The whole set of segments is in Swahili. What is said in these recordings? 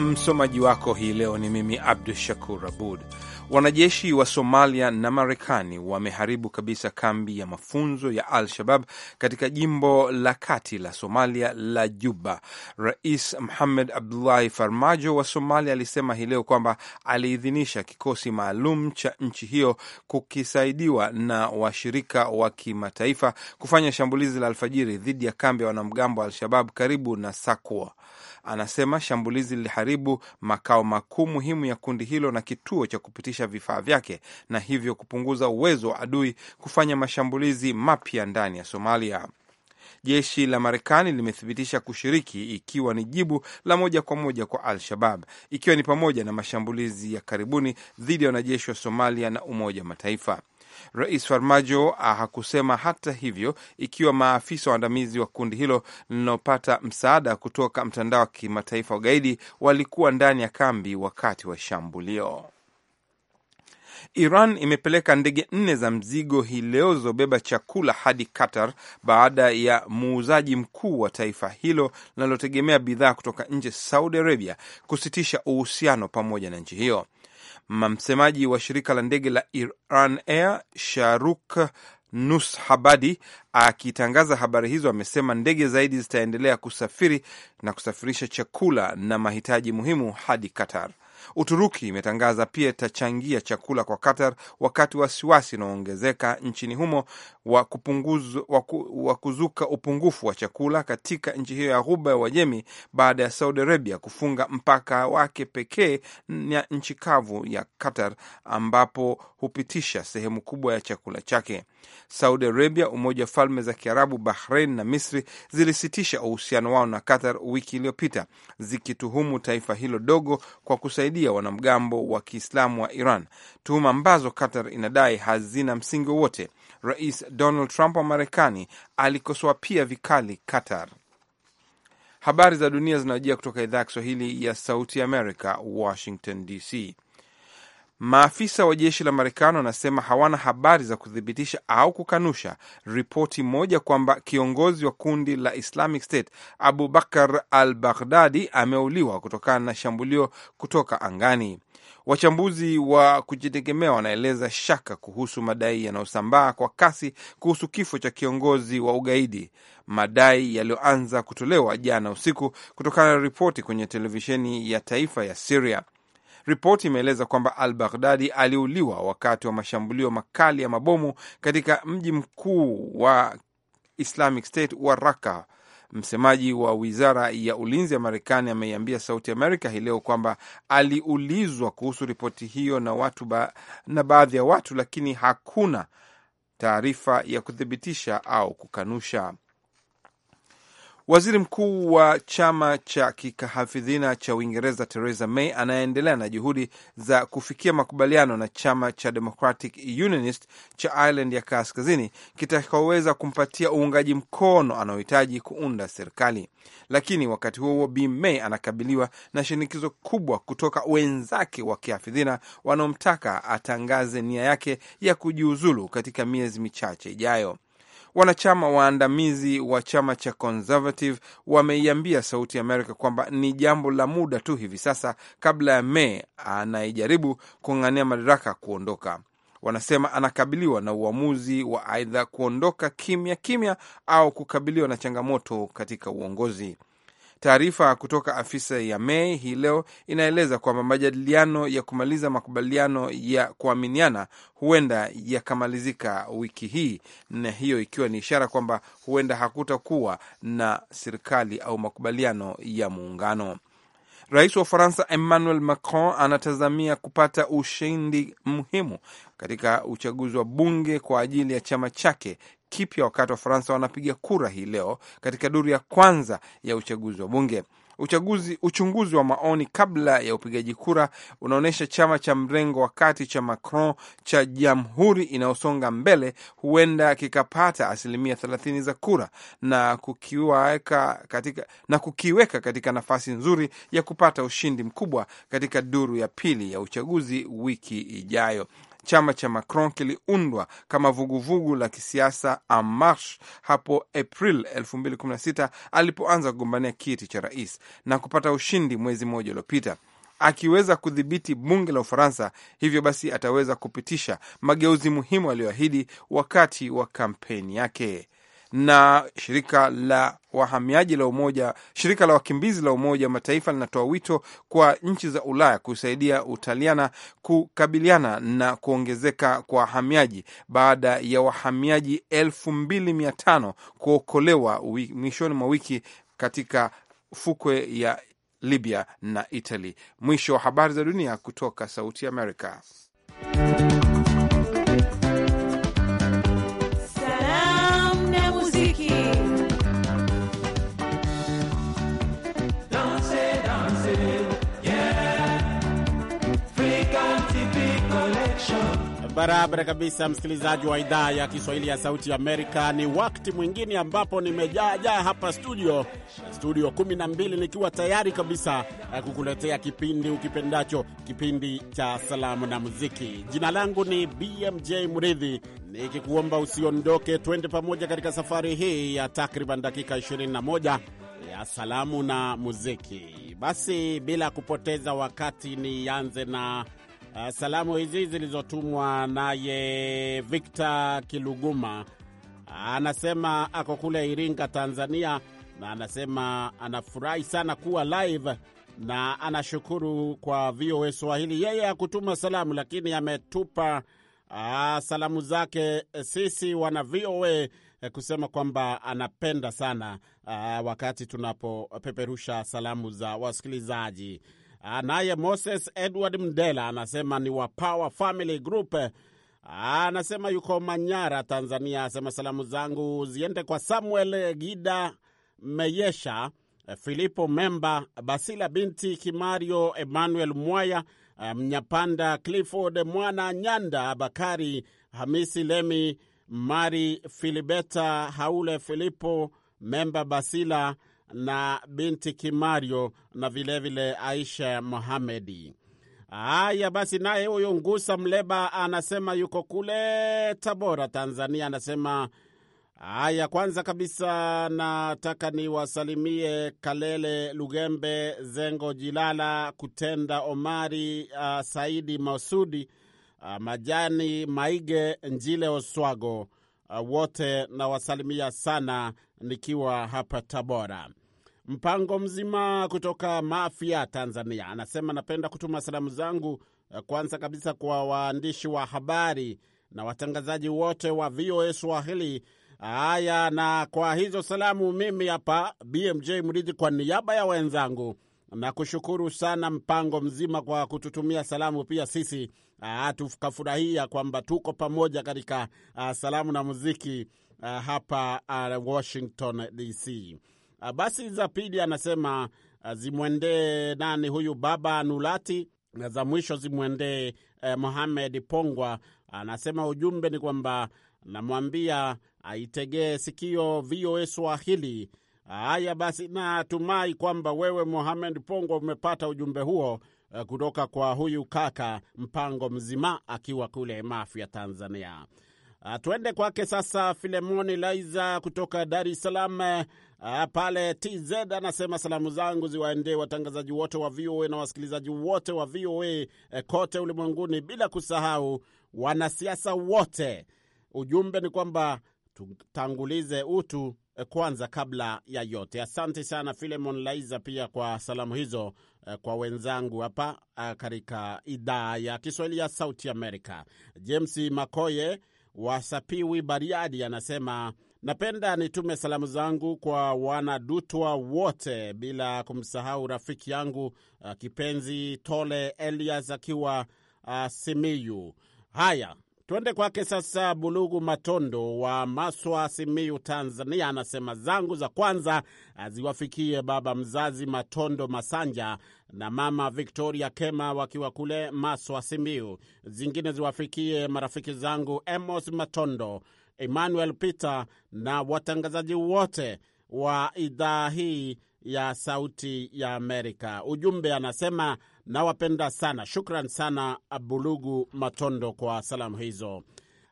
Msomaji wako hii leo ni mimi Abdu Shakur Abud. Wanajeshi wa Somalia na Marekani wameharibu kabisa kambi ya mafunzo ya Al-Shabab katika jimbo la kati la Somalia la Juba. Rais Mohamed Abdullahi Farmajo wa Somalia alisema hii leo kwamba aliidhinisha kikosi maalum cha nchi hiyo kukisaidiwa na washirika wa kimataifa kufanya shambulizi la alfajiri dhidi ya kambi ya wanamgambo wa Al-Shabab karibu na Sakwa anasema shambulizi liliharibu makao makuu muhimu ya kundi hilo na kituo cha kupitisha vifaa vyake na hivyo kupunguza uwezo wa adui kufanya mashambulizi mapya ndani ya Somalia. Jeshi la Marekani limethibitisha kushiriki ikiwa ni jibu la moja kwa moja kwa Al-Shabab, ikiwa ni pamoja na mashambulizi ya karibuni dhidi ya wanajeshi wa Somalia na Umoja wa Mataifa. Rais Farmajo ah, hakusema hata hivyo ikiwa maafisa waandamizi wa kundi hilo linaopata msaada kutoka mtandao wa kimataifa ugaidi walikuwa ndani ya kambi wakati wa shambulio. Iran imepeleka ndege nne za mzigo hii leo zilizobeba chakula hadi Qatar baada ya muuzaji mkuu wa taifa hilo linalotegemea bidhaa kutoka nje, Saudi Arabia, kusitisha uhusiano pamoja na nchi hiyo. Msemaji wa shirika la ndege la Iran Air Sharuk Nushabadi akitangaza habari hizo amesema ndege zaidi zitaendelea kusafiri na kusafirisha chakula na mahitaji muhimu hadi Qatar. Uturuki imetangaza pia itachangia chakula kwa Qatar wakati wasiwasi unaoongezeka nchini humo wa, kupunguz, wa kuzuka upungufu wa chakula katika nchi hiyo ya Ghuba ya Uajemi baada ya Saudi Arabia kufunga mpaka wake pekee na nchi kavu ya Qatar ambapo hupitisha sehemu kubwa ya chakula chake. Saudi Arabia, Umoja wa Falme za Kiarabu, Bahrain na Misri zilisitisha uhusiano wao na Qatar wiki iliyopita zikituhumu taifa hilo dogo kwa kusaidia wanamgambo wa Kiislamu wa Iran, tuhuma ambazo Qatar inadai hazina msingi wowote. Rais Donald Trump wa Marekani alikosoa pia vikali Qatar. Habari za dunia zinawajia kutoka idhaa ya Kiswahili ya Sauti america Washington DC. Maafisa wa jeshi la Marekani wanasema hawana habari za kuthibitisha au kukanusha ripoti moja kwamba kiongozi wa kundi la Islamic State Abu Bakar al Baghdadi ameuliwa kutokana na shambulio kutoka angani. Wachambuzi wa kujitegemea wanaeleza shaka kuhusu madai yanayosambaa kwa kasi kuhusu kifo cha kiongozi wa ugaidi, madai yaliyoanza kutolewa jana usiku kutokana na ripoti kwenye televisheni ya taifa ya Siria. Ripoti imeeleza kwamba Al Baghdadi aliuliwa wakati wa mashambulio makali ya mabomu katika mji mkuu wa Islamic State wa Raqqa Msemaji wa wizara ya ulinzi ya Marekani ameiambia Sauti Amerika hii leo kwamba aliulizwa kuhusu ripoti hiyo na watu ba, na baadhi ya watu, lakini hakuna taarifa ya kuthibitisha au kukanusha. Waziri mkuu wa chama cha kikahafidhina cha Uingereza Theresa May anaendelea na juhudi za kufikia makubaliano na chama cha Democratic Unionist cha Ireland ya Kaskazini kitakaoweza kumpatia uungaji mkono anaohitaji kuunda serikali. Lakini wakati huo huo, Bi May anakabiliwa na shinikizo kubwa kutoka wenzake wa kihafidhina wanaomtaka atangaze nia yake ya kujiuzulu katika miezi michache ijayo. Wanachama waandamizi wa chama cha Conservative wameiambia Sauti ya Amerika kwamba ni jambo la muda tu hivi sasa kabla ya May anayejaribu kung'ang'ania madaraka kuondoka. Wanasema anakabiliwa na uamuzi wa aidha kuondoka kimya kimya au kukabiliwa na changamoto katika uongozi. Taarifa kutoka afisa ya Mei hii leo inaeleza kwamba majadiliano ya kumaliza makubaliano ya kuaminiana huenda yakamalizika wiki hii, na hiyo ikiwa ni ishara kwamba huenda hakutakuwa na serikali au makubaliano ya muungano. Rais wa Ufaransa Emmanuel Macron anatazamia kupata ushindi muhimu katika uchaguzi wa bunge kwa ajili ya chama chake kipya wakati Wafaransa wanapiga kura hii leo katika duru ya kwanza ya uchaguzi wa bunge. Uchaguzi, uchunguzi wa maoni kabla ya upigaji kura unaonyesha chama cha mrengo wa kati cha Macron cha jamhuri inayosonga mbele huenda kikapata asilimia thelathini za kura na kukiweka katika, na kukiweka katika nafasi nzuri ya kupata ushindi mkubwa katika duru ya pili ya uchaguzi wiki ijayo chama cha Macron kiliundwa kama vuguvugu la kisiasa En Marche hapo April 2016 alipoanza kugombania kiti cha rais na kupata ushindi mwezi mmoja uliopita akiweza kudhibiti bunge la Ufaransa. Hivyo basi ataweza kupitisha mageuzi muhimu aliyoahidi wakati wa kampeni yake na shirika la wahamiaji la umoja shirika la wakimbizi la Umoja wa Mataifa linatoa wito kwa nchi za Ulaya kusaidia Utaliana kukabiliana na kuongezeka kwa wahamiaji baada ya wahamiaji elfu mbili mia tano kuokolewa mwishoni mwa wiki katika fukwe ya Libya na Italy. Mwisho wa habari za dunia kutoka Sauti america Barabara kabisa, msikilizaji wa idhaa ya Kiswahili ya Sauti ya Amerika. Ni wakati mwingine ambapo nimejaajaa hapa studio studio 12 nikiwa tayari kabisa eh, kukuletea kipindi ukipendacho, kipindi cha salamu na muziki. Jina langu ni BMJ Mridhi, nikikuomba usiondoke, twende pamoja katika safari hii ya takriban dakika 21 ya salamu na muziki. Basi bila kupoteza wakati, nianze na Eh, salamu hizi zilizotumwa naye Victor Kiluguma. Anasema ako kule Iringa, Tanzania, na anasema anafurahi sana kuwa live na anashukuru kwa VOA Swahili. Yeye hakutuma salamu, lakini ametupa ah, salamu zake sisi wana VOA eh, kusema kwamba anapenda sana ah, wakati tunapopeperusha salamu za wasikilizaji. Naye Moses Edward Mdela anasema ni wa Power Family Group. Anasema yuko Manyara, Tanzania. Asema salamu zangu ziende kwa Samuel Gida Meyesha, Filipo Memba, Basila binti Kimario, Emmanuel Mwaya, Mnyapanda Clifford Mwana Nyanda, Bakari Hamisi Lemi, Mari Filibeta Haule, Filipo Memba, Basila na binti Kimario na vilevile vile Aisha Mohamedi. Haya basi, naye huyu Ngusa Mleba anasema yuko kule Tabora, Tanzania. Anasema haya, kwanza kabisa nataka niwasalimie Kalele Lugembe, Zengo Jilala, Kutenda Omari, uh, Saidi Masudi, uh, Majani Maige, Njile Oswago Uh, wote nawasalimia sana nikiwa hapa Tabora. Mpango mzima kutoka Mafia, Tanzania, anasema napenda kutuma salamu zangu uh, kwanza kabisa kwa waandishi wa habari na watangazaji wote wa VOA Swahili. Haya, na kwa hizo salamu, mimi hapa BMJ Mridhi, kwa niaba ya wenzangu, nakushukuru sana mpango mzima kwa kututumia salamu pia sisi Ah, tukafurahia kwamba tuko pamoja katika ah, salamu na muziki uh, hapa uh, Washington DC. basi za pili anasema zimwendee nani huyu baba Nulati, na za mwisho zimwendee eh, Mohamed Pongwa. Anasema ujumbe ni kwamba namwambia aitegee sikio VOA Swahili. Haya basi, natumai kwamba wewe Mohamed Pongwa umepata ujumbe huo Eh, kutoka kwa huyu kaka Mpango Mzima akiwa kule Mafia, Tanzania. Ah, tuende kwake sasa, Filemoni Laiza kutoka Dar es Salaam ah, pale TZ anasema salamu zangu ziwaendee watangazaji wote wa VOA na wasikilizaji wote wa VOA eh, kote ulimwenguni, bila kusahau wanasiasa wote. Ujumbe ni kwamba tutangulize utu Eh, kwanza kabla ya yote. Asante sana Filemon Laiza pia kwa salamu hizo eh, kwa wenzangu hapa eh, katika idhaa ya Kiswahili ya Sauti Amerika. James Makoye Wasapiwi, Bariadi, anasema napenda nitume salamu zangu kwa wanadutwa wote bila kumsahau rafiki yangu kipenzi Tole Elias akiwa Simiyu. Haya, tuende kwake sasa. Bulugu Matondo wa Maswa, Simiyu, Tanzania, anasema zangu za kwanza ziwafikie baba mzazi Matondo Masanja na mama Victoria Kema wakiwa kule Maswa, Simiyu. Zingine ziwafikie marafiki zangu Emos Matondo, Emmanuel Peter na watangazaji wote wa idhaa hii ya Sauti ya Amerika. Ujumbe anasema nawapenda sana. Shukran sana Bulugu Matondo kwa salamu hizo.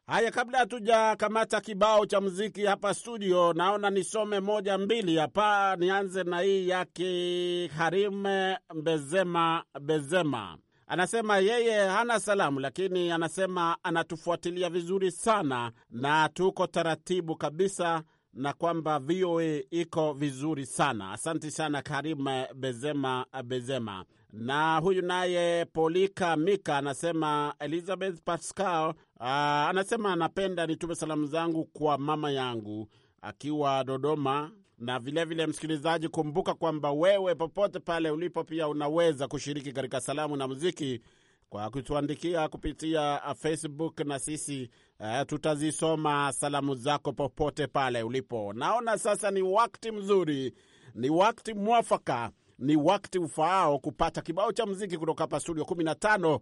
Haya, kabla hatujakamata kibao cha muziki hapa studio, naona nisome moja mbili hapa. Nianze na hii yake Harime Mbezema Bezema, anasema yeye hana salamu, lakini anasema anatufuatilia vizuri sana na tuko taratibu kabisa na kwamba VOA iko vizuri sana. Asante sana Karim Bezema Bezema. Na huyu naye Polika Mika anasema Elizabeth Pascal uh, anasema anapenda nitume salamu zangu kwa mama yangu akiwa Dodoma na vilevile vile, msikilizaji, kumbuka kwamba wewe popote pale ulipo pia unaweza kushiriki katika salamu na muziki kwa kutuandikia kupitia Facebook, na sisi Uh, tutazisoma salamu zako popote pale ulipo. Naona sasa ni wakati mzuri, ni wakati mwafaka, ni wakati ufaao kupata kibao cha mziki kutoka hapa studio 15.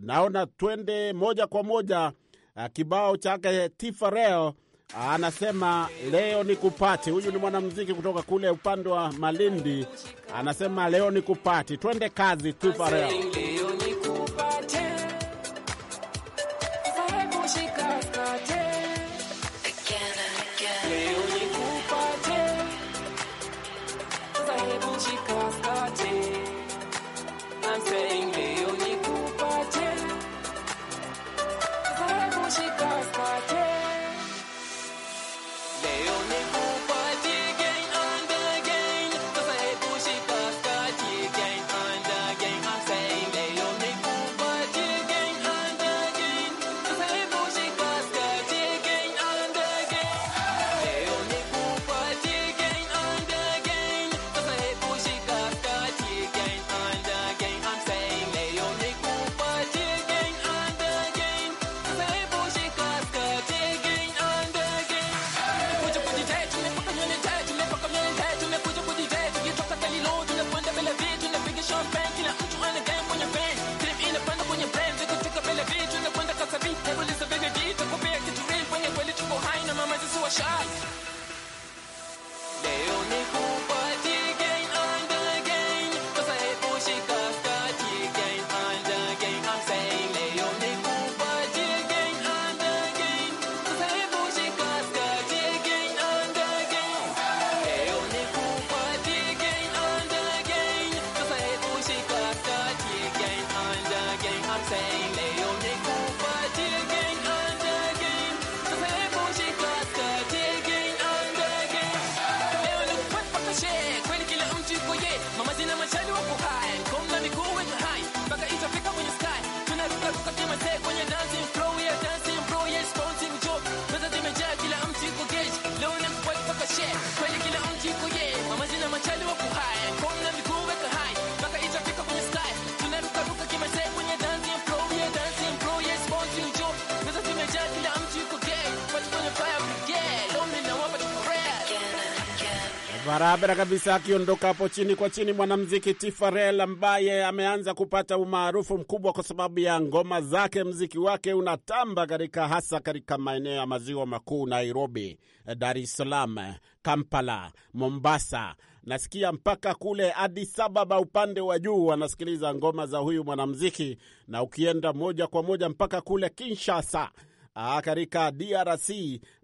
Naona twende moja kwa moja uh, kibao chake Tifareo eh, anasema leo ni kupati Huyu ni mwanamuziki kutoka kule upande wa Malindi, anasema leo ni kupati Twende kazi, Tifareo. barabara kabisa, akiondoka hapo chini kwa chini, mwanamziki Tifarel ambaye ameanza kupata umaarufu mkubwa kwa sababu ya ngoma zake. Mziki wake unatamba katika hasa katika maeneo ya maziwa makuu, Nairobi, Dar es Salaam, Kampala, Mombasa, nasikia mpaka kule Addis Ababa upande wa juu wanasikiliza ngoma za huyu mwanamziki, na ukienda moja kwa moja mpaka kule Kinshasa katika DRC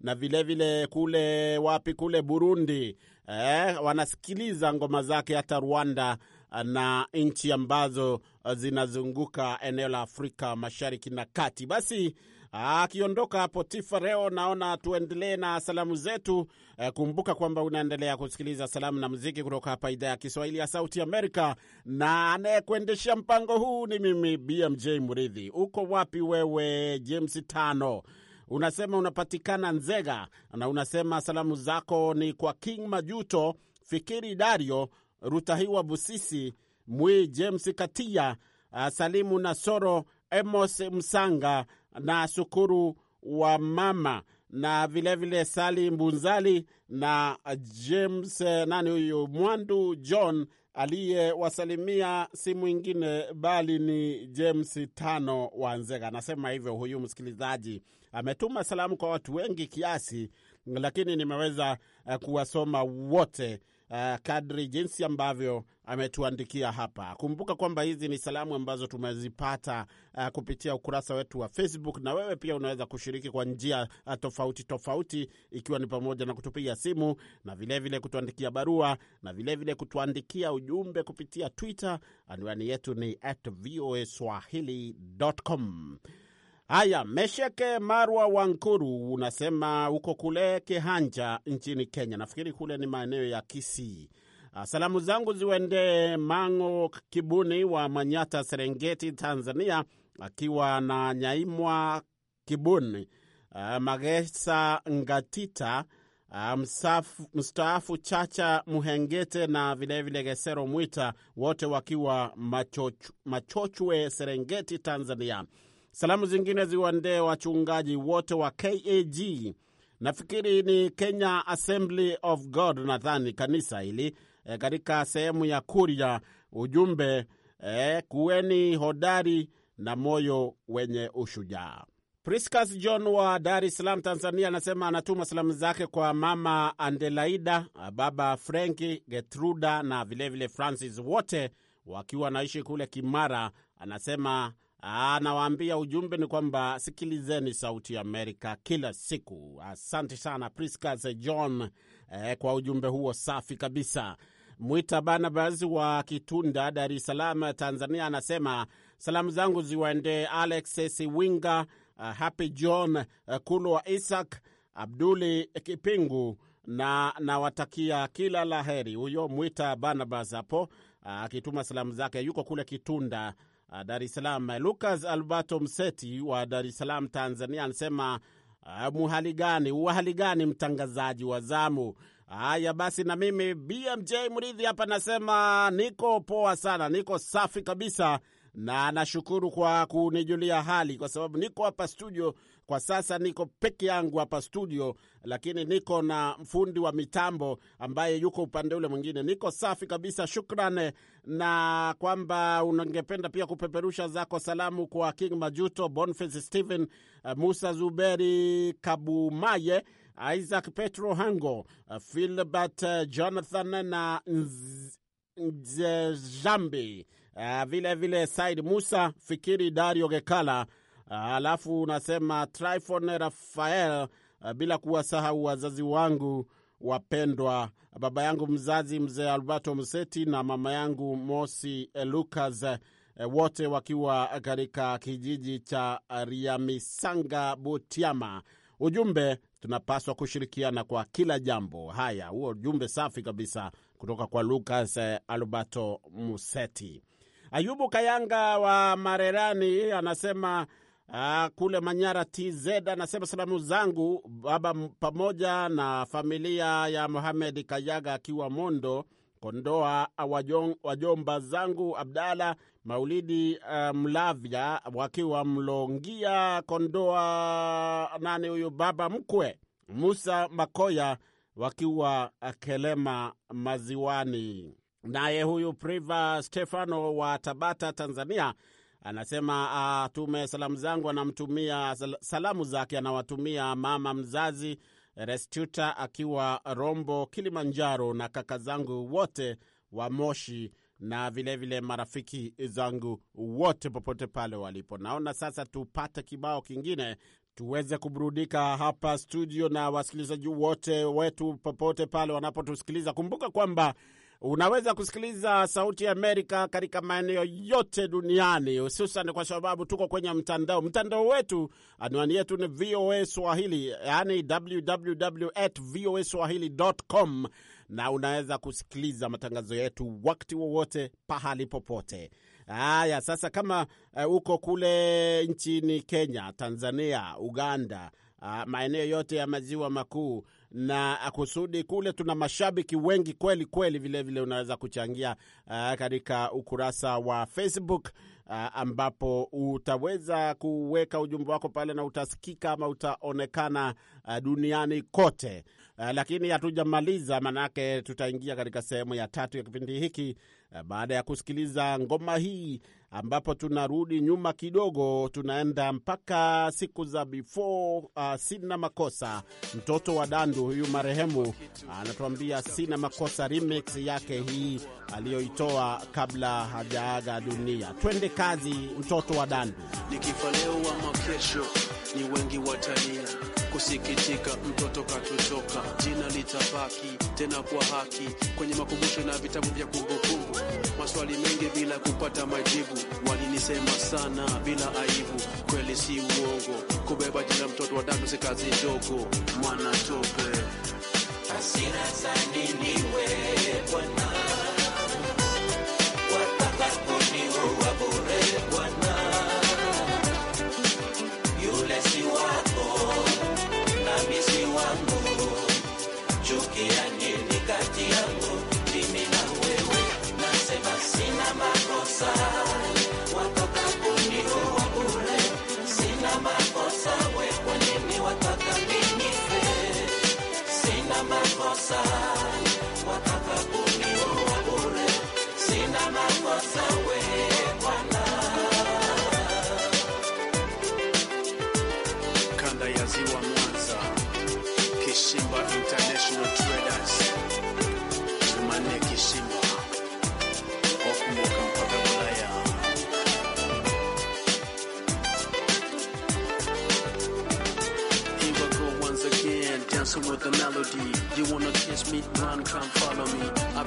na vilevile vile kule wapi, kule Burundi eh, wanasikiliza ngoma zake hata Rwanda eh, na nchi ambazo eh, zinazunguka eneo la Afrika Mashariki na Kati. Basi ah, akiondoka hapo Tifa leo, naona tuendelee na salamu zetu. Eh, kumbuka kwamba unaendelea kusikiliza salamu na muziki kutoka hapa idhaa ya Kiswahili ya Sauti Amerika, na anayekuendeshea mpango huu ni mimi BMJ Mridhi. Uko wapi wewe James Tano? unasema unapatikana Nzega, na unasema salamu zako ni kwa King Majuto, Fikiri Dario, Rutahiwa Busisi, Mwi James Katia, uh, Salimu Nasoro, Emos Msanga na Shukuru wa mama na vilevile vile Sali Mbunzali na James eh, nani huyu Mwandu John aliyewasalimia si mwingine bali ni James tano wa Nzega. Anasema hivyo huyu msikilizaji ametuma salamu kwa watu wengi kiasi, lakini nimeweza eh, kuwasoma wote Uh, kadri jinsi ambavyo ametuandikia hapa. Kumbuka kwamba hizi ni salamu ambazo tumezipata uh, kupitia ukurasa wetu wa Facebook, na wewe pia unaweza kushiriki kwa njia uh, tofauti tofauti, ikiwa ni pamoja na kutupiga simu na vilevile vile kutuandikia barua na vilevile vile kutuandikia ujumbe kupitia Twitter. Anwani yetu ni at voaswahili.com. Haya, Mesheke Marwa Wankuru unasema huko kule Kihanja nchini Kenya, nafikiri kule ni maeneo ya Kisii. Ah, salamu zangu ziwendee Mang'o Kibuni wa Manyata, Serengeti, Tanzania, akiwa na Nyaimwa Kibuni, ah, Magesa Ngatita, ah, mstaafu Chacha Muhengete na vilevile Gesero Mwita, wote wakiwa Machochwe, Serengeti, Tanzania. Salamu zingine ziwaendee wachungaji wote wa KAG, nafikiri ni Kenya Assembly of God, nadhani kanisa hili e, katika sehemu ya Kuria. Ujumbe e, kuweni hodari na moyo wenye ushujaa. Priscas John wa Dar es Salaam, Tanzania, anasema anatuma salamu zake kwa mama Andelaida, ah, baba Frenki, Getruda na vilevile Francis, wote wakiwa wanaishi kule Kimara. Anasema anawaambia ujumbe ni kwamba sikilizeni Sauti ya Amerika kila siku. Asante sana Priscas John eh, kwa ujumbe huo safi kabisa. Mwita Barnabas wa Kitunda, Dar es Salaam, Tanzania, anasema salamu zangu ziwaendee Alex Siwinga, uh, Happy John, uh, eh, wa Isaac, Abduli Kipingu na nawatakia kila la heri. Huyo Mwita Barnabas hapo akituma uh, salamu zake, yuko kule Kitunda Ah, Dar es Salaam. Lucas Alberto Mseti wa Dar es Salaam, Tanzania, anasema uh, ah, muhali gani uhali gani mtangazaji wa zamu. Haya basi, na mimi BMJ Mridhi hapa nasema niko poa sana, niko safi kabisa na nashukuru kwa kunijulia hali, kwa sababu niko hapa studio kwa sasa niko peke yangu hapa studio, lakini niko na mfundi wa mitambo ambaye yuko upande ule mwingine. Niko safi kabisa, shukran. Na kwamba unangependa pia kupeperusha zako salamu kwa King Majuto, Boniface Stephen, eh, Musa Zuberi Kabumaye, Isaac Petro Hango, eh, Philbert eh, Jonathan na Nzejambi, vile vile Said Musa, Fikiri Dario Gekala alafu unasema Tryphon Rafael, uh, bila kuwasahau wazazi wangu wapendwa, baba yangu mzazi mzee Alberto Mseti na mama yangu Mosi Lucas, uh, wote wakiwa katika kijiji cha Riamisanga, Butiama. Ujumbe, tunapaswa kushirikiana kwa kila jambo. Haya, huo ujumbe safi kabisa kutoka kwa Lucas uh, Alberto Museti. Ayubu Kayanga wa Marerani anasema Uh, kule Manyara TZ anasema salamu zangu baba pamoja na familia ya Mohamed Kayaga akiwa Mondo Kondoa, wajomba zangu Abdala Maulidi uh, Mlavya wakiwa Mlongia Kondoa. Nani huyu baba mkwe? Musa Makoya wakiwa eh, Kelema Maziwani. Naye huyu Priva Stefano wa Tabata, Tanzania Anasema atume ah, salamu zangu, anamtumia salamu zake, anawatumia mama mzazi Restuta akiwa Rombo, Kilimanjaro, na kaka zangu wote wa Moshi na vilevile vile marafiki zangu wote popote pale walipo. Naona sasa tupate kibao kingine tuweze kuburudika hapa studio, na wasikilizaji wote wetu popote pale wanapotusikiliza. Kumbuka kwamba Unaweza kusikiliza Sauti ya Amerika katika maeneo yote duniani, hususan kwa sababu tuko kwenye mtandao. Mtandao wetu, anwani yetu ni VOA Swahili, yani www voa swahili.com, na unaweza kusikiliza matangazo yetu wakati wowote, pahali popote. Haya, sasa kama uh, uko kule nchini Kenya, Tanzania, Uganda, uh, maeneo yote ya maziwa makuu na kusudi kule tuna mashabiki wengi kweli kweli. Vilevile vile unaweza kuchangia uh, katika ukurasa wa Facebook uh, ambapo utaweza kuweka ujumbe wako pale na utasikika ama utaonekana uh, duniani kote. Uh, lakini hatujamaliza, maanake tutaingia katika sehemu ya tatu ya kipindi hiki baada ya kusikiliza ngoma hii, ambapo tunarudi nyuma kidogo, tunaenda mpaka siku za before uh, sina makosa. Mtoto wa Dandu huyu marehemu anatuambia uh, sina makosa remix yake hii aliyoitoa kabla hajaaga dunia. Twende kazi, mtoto wa Dandu. Nikifa leo ama kesho, ni wengi watalia kusikitika, mtoto katutoka, jina litabaki tena kwa haki kwenye makumbusho na vitabu vya kumbukumbu maswali mengi bila kupata majibu. Walinisema sana bila aibu, kweli si uongo. Kubeba jina mtoto wa tatu si kazi ndogo, mwana tope. asina za nini we bwana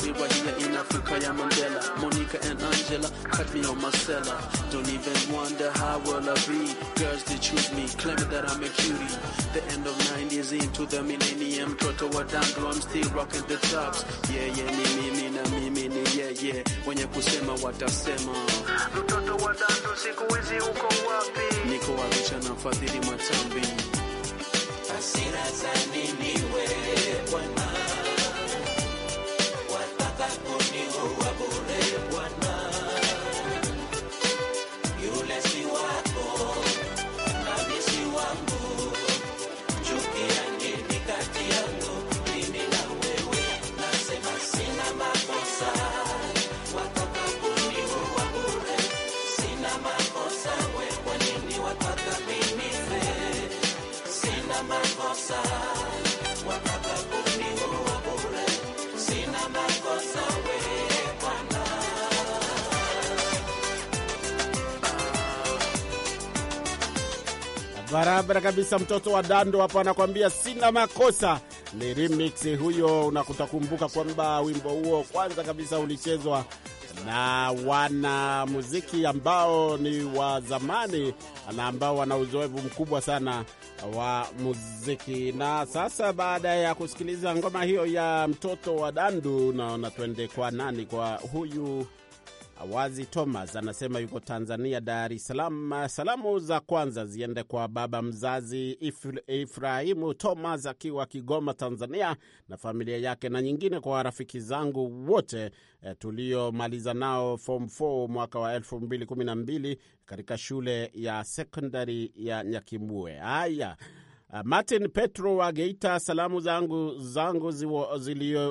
We were here in Africa, yeah, Mandela. Monica and Angela cut me on my cellar. Don't even wonder how will I be. Girls, they choose me, claiming that I'm a cutie. The end of 90s into the millennium. Toto wa I'm still rocking the tops. Yeah, yeah, ni, ni, ni, na, mi, mi, ni, yeah, yeah. Wenye kusema watasema. Mtoto wa dandro, siku Niko Arusha na mfadhili Matambi. Hasira za nini wewe bwana? kabisa, mtoto wa Dando hapo anakwambia sina makosa, ni remix huyo. Unakutakumbuka kwamba wimbo huo kwanza kabisa ulichezwa na wana muziki ambao ni wa zamani na ambao wana uzoefu mkubwa sana wa muziki. Na sasa baada ya kusikiliza ngoma hiyo ya mtoto wa Dandu, naona twende kwa nani, kwa huyu Awazi Thomas anasema yuko Tanzania, Dar es Salaam. Salamu za kwanza ziende kwa baba mzazi Ifrahimu Thomas akiwa Kigoma, Tanzania, na familia yake, na nyingine kwa rafiki zangu wote e, tuliomaliza nao form 4 mwaka wa 2012 katika shule ya sekondari ya Nyakimbue. Haya, ah, Martin Petro wa Geita, salamu zangu zangu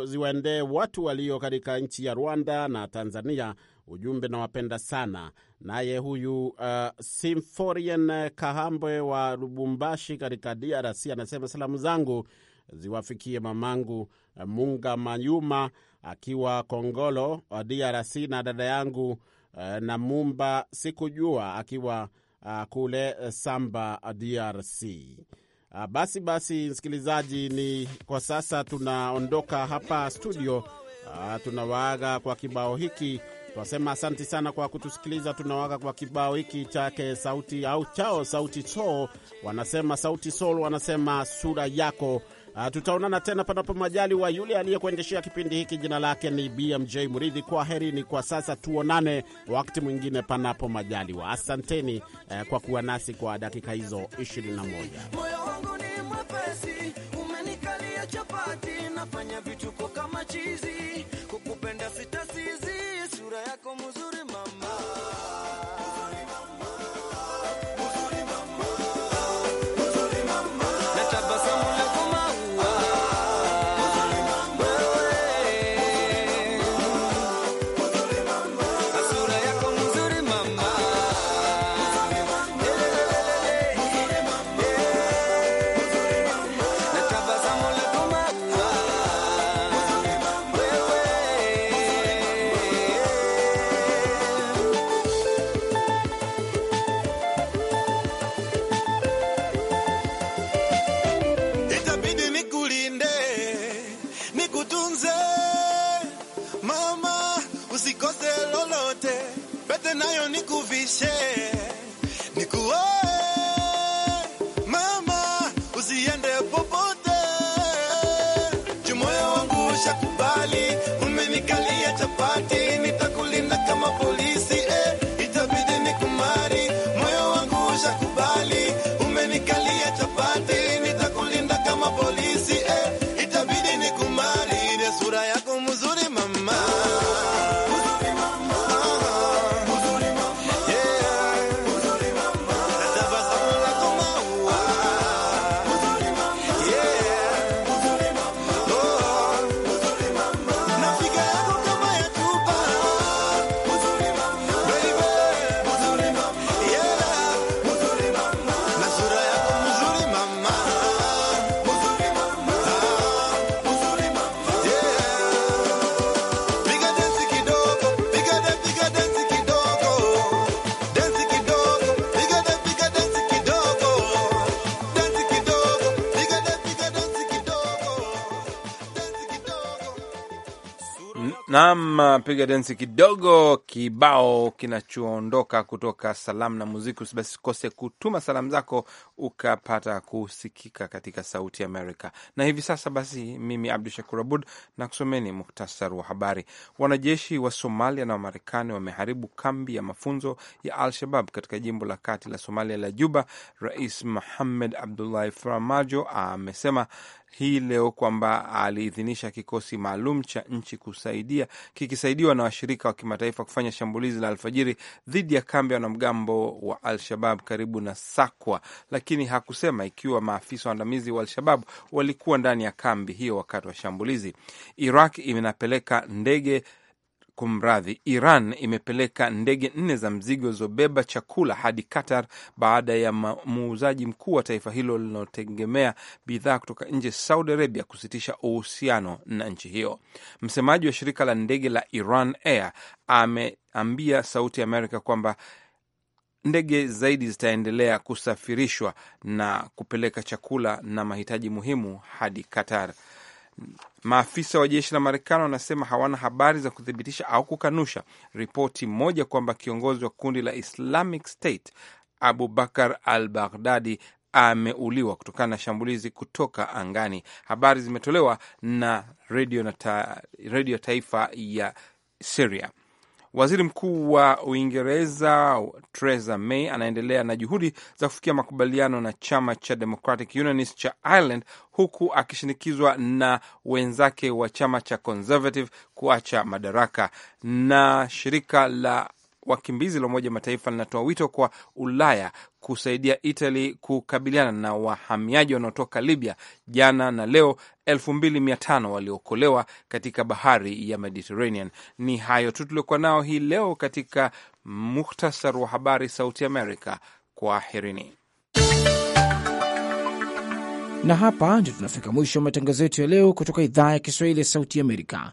ziwaendee watu walio katika nchi ya Rwanda na Tanzania ujumbe nawapenda sana. Naye huyu uh, Simforian Kahambwe wa Lubumbashi katika DRC anasema salamu zangu ziwafikie mamangu uh, Munga Mayuma akiwa Kongolo wa uh, DRC na dada yangu uh, na Mumba sikujua akiwa uh, kule uh, Samba DRC. Uh, basi basi, msikilizaji, ni kwa sasa tunaondoka hapa studio. Uh, tunawaaga kwa kibao hiki Twasema asanti sana kwa kutusikiliza. Tunawaka kwa kibao hiki chake sauti au chao sauti soo, wanasema sauti sol wanasema sura yako. Uh, tutaonana tena panapo majaliwa. Yule aliyekuendeshea kipindi hiki jina lake ni BMJ Muridhi. Kwa heri ni kwa sasa, tuonane wakati mwingine panapo majaliwa. Asanteni uh, kwa kuwa nasi kwa dakika hizo 21. chapati, nafanya vituko kama chizi dentro de kidogo kibao kinachoondoka kutoka salamu na muziki. kose kutuma salamu zako ukapata kusikika katika Sauti Amerika. Na hivi sasa basi, mimi Abdu Shakur Abud na kusomeni muktasar wa habari. Wanajeshi wa Somalia na Wamarekani wameharibu kambi ya mafunzo ya Al-Shabab katika jimbo la kati la Somalia la Juba. Rais Mohamed Abdullahi Farmajo amesema hii leo kwamba aliidhinisha kikosi maalum cha nchi kusaidia kikisaidiwa na washirika wa kimataifa kufanya kufanya shambulizi la alfajiri dhidi ya kambi ya wanamgambo wa Al-Shabab karibu na Sakwa, lakini hakusema ikiwa maafisa waandamizi wa Al-Shabab walikuwa ndani ya kambi hiyo wakati wa shambulizi. Iraq inapeleka ndege Kumradhi, Iran imepeleka ndege nne za mzigo zilizobeba chakula hadi Qatar baada ya muuzaji mkuu wa taifa hilo linalotegemea bidhaa kutoka nje, Saudi Arabia, kusitisha uhusiano na nchi hiyo. Msemaji wa shirika la ndege la Iran Air ameambia Sauti ya Amerika kwamba ndege zaidi zitaendelea kusafirishwa na kupeleka chakula na mahitaji muhimu hadi Qatar. Maafisa wa jeshi la Marekani wanasema hawana habari za kuthibitisha au kukanusha ripoti moja kwamba kiongozi wa kundi la Islamic State Abu Bakar al Baghdadi ameuliwa kutokana na shambulizi kutoka angani. Habari zimetolewa na redio ta, Taifa ya Siria. Waziri Mkuu wa Uingereza Theresa May anaendelea na juhudi za kufikia makubaliano na chama cha Democratic Unionist cha Ireland huku akishinikizwa na wenzake wa chama cha Conservative kuacha madaraka na shirika la wakimbizi la Umoja Mataifa linatoa wito kwa Ulaya kusaidia Italy kukabiliana na wahamiaji wanaotoka Libya. Jana na leo 25 waliokolewa katika bahari ya Mediterranean. Ni hayo tu tuliokuwa nao hii leo katika muhtasar wa habari. Sauti Amerika, kwaherini. Na hapa ndio tunafika mwisho wa matangazo yetu ya leo kutoka idhaa ya Kiswahili ya Sauti Amerika.